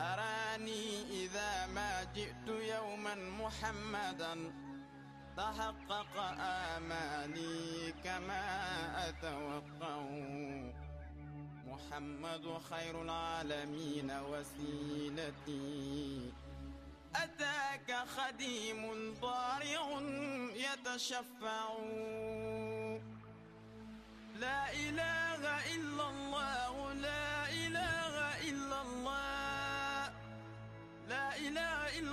أراني إذا ما جئت يوما محمدا تحقق آماني كما أتوقع محمد خير العالمين وسيلتي أتاك خديم ضارع يتشفع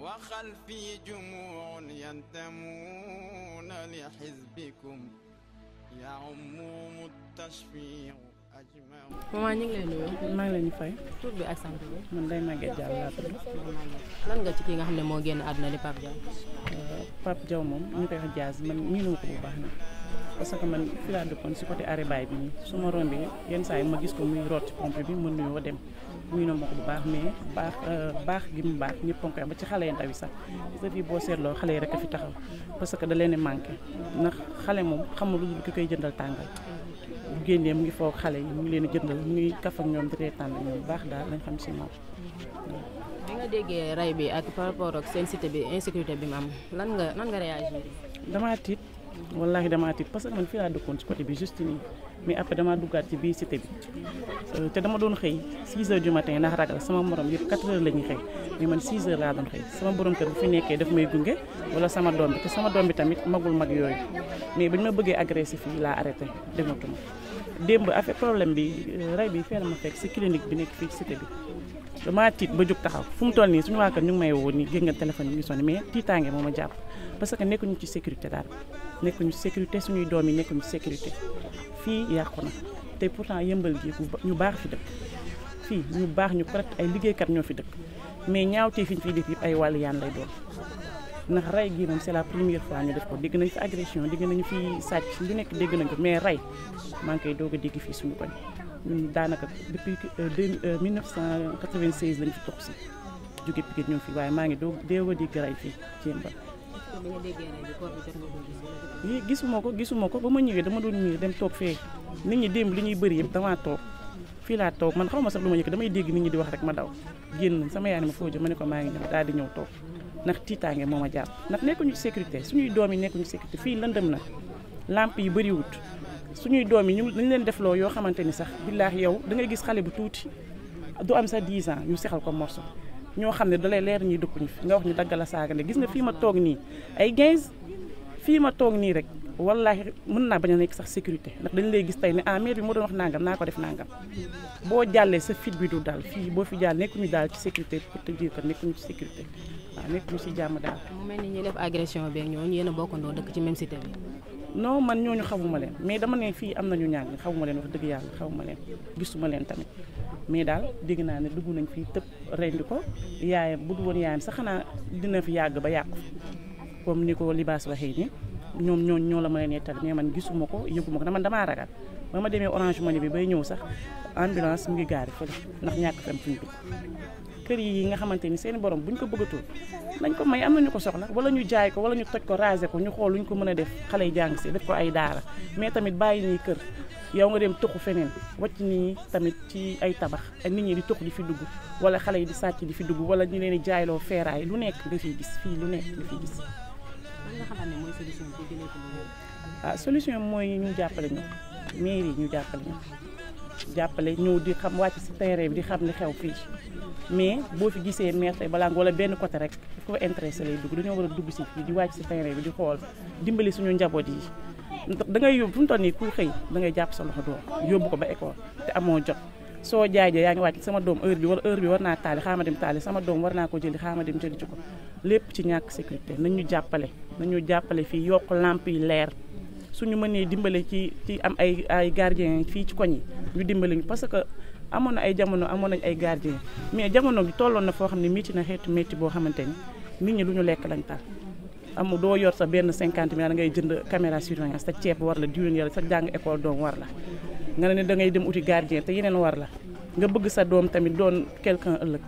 وخلفي جموع ينتمون لحزبكم يعمهم التشفيع أجمع maman ñu ngi maa ngi leen di fay. tur bi ak sant bi. man day Maguette Diallo laa tudd. lan nga ci ki nga xam ne moo génn àdduna di Pape Diaw. Euh, Pape Diaw moom ñu koy wax Diaz man miinu ko baax na. parce que man fi laa dëkkoon si côté arrêt baay bi nii su ma rombee yenn saa yi ma gis ko muy root ci pompe bi mën nuyoo dem muy na ma bu baax mais baax euh, baax gi mu baax ñëpp koy ba ci xale yi ndaw yi sax parce boo seetloo xale rek a fi taxaw parce que da leen manqué ndax xale moom xamul lu dul ki koy jëndal tàngal bu génnee mu ngi foog xale yi mu ngi leen di jëndal mu ngi kaf ak ñoom di reetaan baax daal lañ xam si moom. bi nga déggee bi ak par rapport seen cité bi insécurité bi mu am lan nga lan damaa tiit. wallaahi damaa tiit parce que man fii laa dëkkoon ci côté bi juste nii mais après damaa duggaat ci biir cité bi euh, te dama doon xëy 6 heures du matin ndax ragal sama morom yëpp 4 heures la ñuy xëy mais man 6 heures laa doon xëy sama borom kër bu fi nekkee daf may gunge wala sama doom bi te sama doom bi tamit magul mag yooyu mais bañ ma bëggee agressé fii laa arrêté dematuma démb affaire problème bi euh, rey bi fee na fekk si clinique bi nekk fii ci cité woo nii gën nga téléphone yi ngi sonné mais tiitaange sécurité daal nekkuñu sécurité suñuy doom yi nekkuñu sécurité fii yàqu na te pourtant yëmbal gi ñu baax fi dëkk fii ñu baax ñu correct ay liggéeykat ñoo fi dëkk mais ñaawtee fi ñu fiy def yëpp ay wàllu yaan lay doon ndax rey gii moom c'est la première fois ñu def ko dégg nañ fi agression dégg nañu fi sàcc lu nekk dégg nañ ko mais rey maa ngi koy doog a dégg fii suñu koñ ñun daanaka depuis 1996 euh, euh, lañ fi toog si jóge Pikine ñëw fii waaye maa ngi doog déew a dégg rey fii Jémbal lii gisuma ko gisuma ko ba ma ñëwee dama doon miir dem toog fee nit ñi démb li ñuy bëri yëpp damaa toog fii laa toog man xaw ma sax lu ma yëg damay dégg nit ñi di wax rek ma daw génn sama yaay ma foo jëm ma ne ko maa ngi ñëw daal di ñëw toog ndax tiitaange moo ma jàpp ndax nekkuñu sécurité suñuy doom yi nekkuñu sécurité fii lëndëm na lampe yi bëriwut suñuy doom yi ñu dañ leen defloo yoo xamante ni sax billaahi yow da ngay gis xale bu tuuti du am sax 10 ans ñu sexal ko morso ñoo xam ne dalay leer ñi dëkkuñu fi nga wax ñu daggal a saaga gis nga fii ma toog nii ay gais fii ma toog nii rek wallaahi mën naa bañ a nekk sax sécurité ndax dañu lay gis tey ne ah maire bi moo doon wax nangam naa ko def nangam boo jàllee sa fit bi du daal fii boo fi jàll nekkuñu daal ci sécurité pour te dire que nekkuñu ci sécurité waaw nekkuñu ci jàmm daal. mu mel ni ñi def agression beeg ñooñu yéen a ci même cité bi. non man ñooñu xawuma leen mais dama ne fii am nañu ñàng xawuma leen wax dëgg yàlla xawuma leen gisuma leen mais daal dégg naa ne dugg nañ fii tëb rendi ko yaayam bu du woon yaayam sax xanaa dina fi yàgg ba yàqu comme ni ko libaas waxee ni ñoom ñoo ñoo la mën a nettal mais man gisuma ko yëguma ko dama damaa ragal ba ma demee orange money bi bay ñëw sax ambulance mu ngi gaari fële ndax ñàkk fi am fuñ kër yi nga xamante ni seen borom bu buñ ko bëggatul nañ ko may am na ñu ko soxla wala ñu jaay ko wala ñu toj ko raser ko ñu xool lu luñ ko mën a def xale yi jàng si def ko ay daara mais tamit bàyyi nii kër yow nga dem tuxu feneen wacc nit tamit ci ay tabax ak nit ñi di tux di fi dugg wala xale yi di sàcc di fi dugg wala ñu leen di jaayloo feeraay lu nekk nga fiy gis fii lu nekk nga fi gis. ah solution mooy ñu jàppale ñu mairie ñu jàppale ñu jàppale ñëw di xam wàcc si terrain bi di xam li xew fii mais boo fi gisee maire tey balaa nga wala benn côté rek daf ko intéressé lay dugg dañoo war a dugg si fii di wàcc si terrain bi di xool dimbali suñu njaboot yi. da ngay yóbbu fu mu toll nii ku xëy da ngay jàpp sa loxo doom yóbbu ko ba école te amoo jot soo jaajee yaa ngi wàcc sama doom heure bi wala heure bi war naa taali xaama dem taali sama doom war naa ko jëli xaama dem jëli ci ko lépp ci ñàkk sécurité nañu jàppale nañu jàppale fii yokk lamp yi leer suñu mënee dimbalee ci ci am ay ay gardien fii ci koñ yi ñu dimbale ñu parce que amoon na ay jamono amoon nañ ay gardien mais jamono bi tolloon na foo xam ne métti na xeetu métti boo xamante ni nit ñi lu ñu lekk lañ tal amu doo yor sa benn cinquante mille ngay jënd caméra surveillance sa ceeb war la diwlin yàlla sa jàng école doom war la nga ne da ngay dem uti gardien te yeneen war la nga bëgg sa doom tamit doon quelqu'un ëllëg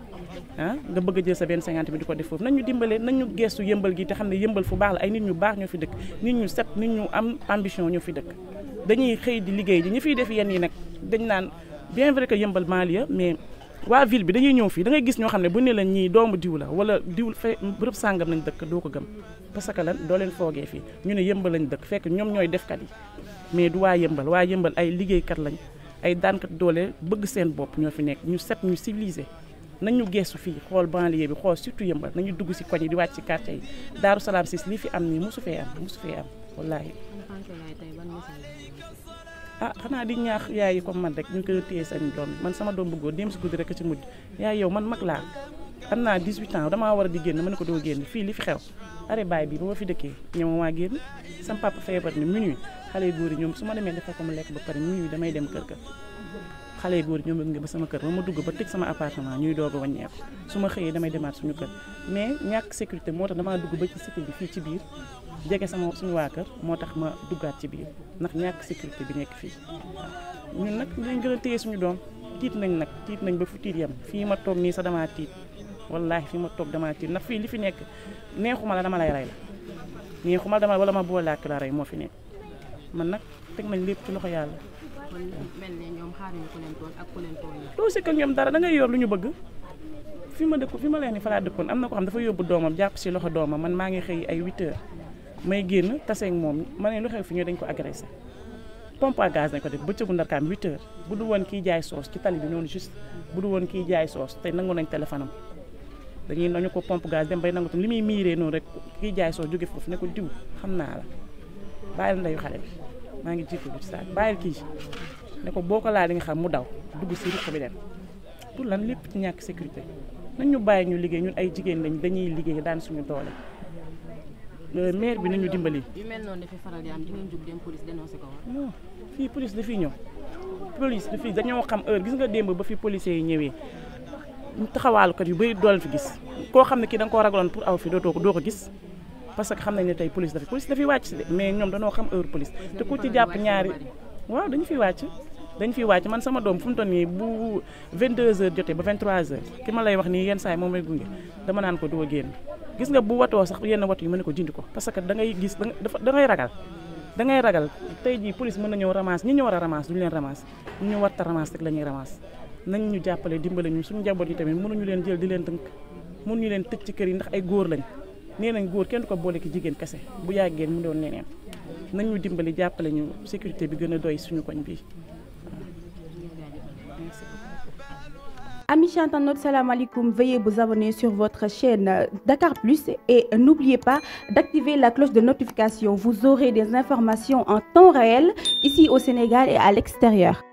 ah nga bëgg jël sa benn cinquante mille di ko def foofu nañ ñu dimbale nañ ñu gestu yëmbal gi te xam ne yëmbal fu baax la ay nit ñu baax ñoo fi dëkk nit ñu set nit ñu am ambition ñoo fi dëkk dañuy xëy di liggéey ji ñu fiy def yenn yi nag dañ naan bien vrai que yëmbal banlieue mais waa ville bi dañuy ñëw fii da ngay gis ñoo xam ne bu ne la ñii doomu diw la wala diw fe bërëb sàngam lañ dëkk doo ko gëm parce que lan doo leen foogee fii ñu ne yëmbal lañ dëkk fekk ñoom ñooy defkat yi mais du waa yëmbal waa yëmbal ay liggéeykat lañ ay daankat doole bëgg seen bopp ñoo fi nekk ñu set ñu civilisé nañu geesu fii xool banlieue bi xool surtout yëmbal nañu dugg si koñ yi di wàcc ci quartier yi Daaru Salaam sis lii fi am nii mosu fee am mosu fee am wallaahi ah xanaa di ñaax yaay yi comme man rek ñu koy téye seen doom man sama doom bu góor dem si guddi rek ci mujj yaay yow man mag laa am naa 18 ans damaa war a di génn ma ne ko doo génn fii li fi xew are baay bi ba ma fi dëkkee ñoom maa génn sama papa feebar ni minuit xale yu góor yi ñoom su ma demee dafa ko ma lekk ba pare minuit damay dem kër ga xale yi góor ñoo ma gunge ba sama kër ba mu dugg ba tëj sama appartement ñuy doog a wàññeeku su ma xëyee damay demaat suñu kër mais ñàkk sécurité moo tax damaa dugg ba ci cité bi fii ci biir jege sama suñu waa kër moo tax ma duggaat ci biir ndax ñàkk sécurité bi nekk fii ñun nag dinañ gën a téye suñu doom tiit nañ nag tiit nañ ba fu tiit yam fii ma toog nii sax damaa tiit wallaahi fii ma toog damaa tiit ndax fii li fi nekk neexuma la dama lay rey la neexuma la dama wala ma boole ak la moo fi nekk man nag teg nañ lépp ci loxo yàlla doo sekk ak ñoom dara da ngay yor lu ñu bëgg fi ma dëkk fi ma leen ni falaa dëkkoon am na ko xam dafa yóbbu doomam jàpp si loxo doomam man maa ngi xëy ay 8 heures may génn taseeg moom ma ne lu xew fi ñu dañ ko agressé pompe à gaz dañ ko def bëccëgu ndarkaam 8 bu du woon kiy jaay soos ci tali bi noonu juste bu du woon kiy jaay soos te nangoon nañ téléphone am dañuy nañu ko pompe gaz dem bay nangu tam li muy miiree noonu rek kiy jaay soos jóge foofu ne ko diw xam naa la bàyyi xale bi maa ngi jiitu ci saak bàyyil kii ne ko boo ko laa li nga xam mu daw dugg si ruq bi dem pour lan lépp ci ñàkk sécurité nañ ñu bàyyi ñu liggéey ñun ay jigéen lañ dañuy liggéey daan suñu doole euh, maire bi nañu dimbali. yu mel noonu dafay faral am di ngeen jug dem police dénoncé ko war. non fii police dafiy ñëw police dafiy dañoo xam gis nga démb ba fi policiers yi ñëwee taxawaalukat yu bari dool fi gis koo xam ne kii da nga koo ragaloon pour aw fi dootoo ko doo ko gis. parce que xam nañ ne tey police dafa police dafay xam heure police te ku ci jàpp ñaari waaw dañu fiy wàcc dañ fiy wàcc man sama doom fu mu toll nii bu 22h jotee ba 23h ki ma lay wax nii yenn saa yi moom may gunge dama naan ko doo génn gis nga bu watoo sax yenn watu yi mën ne ko dindi ko parce que da ngay gis da ngay ragal da ngay ragal tey jii police mën na ñëw ramasse ñi ñu war a ramasse duñu leen ramasse ñu war ta ramasse rek la ñuy ramasse nañ ñu jàppale dimbale ñu suñu njaboot yi tamit mënuñu leen jël di leen tënk mënuñu leen tëj ci kër yi ndax ay góor lañ nee nañ góor kenn du ko boole ki jigéen kese bu yàggee mu doon neneen nañ dimbali jàppale ñu sécurité bi gën doy suñu koñ bii. Amis chantants, salam alaikum. Veuillez vous abonner sur votre chaîne Dakar Plus et n'oubliez pas d'activer la cloche de notification. Vous aurez des informations en temps réel ici au Sénégal et à l'extérieur.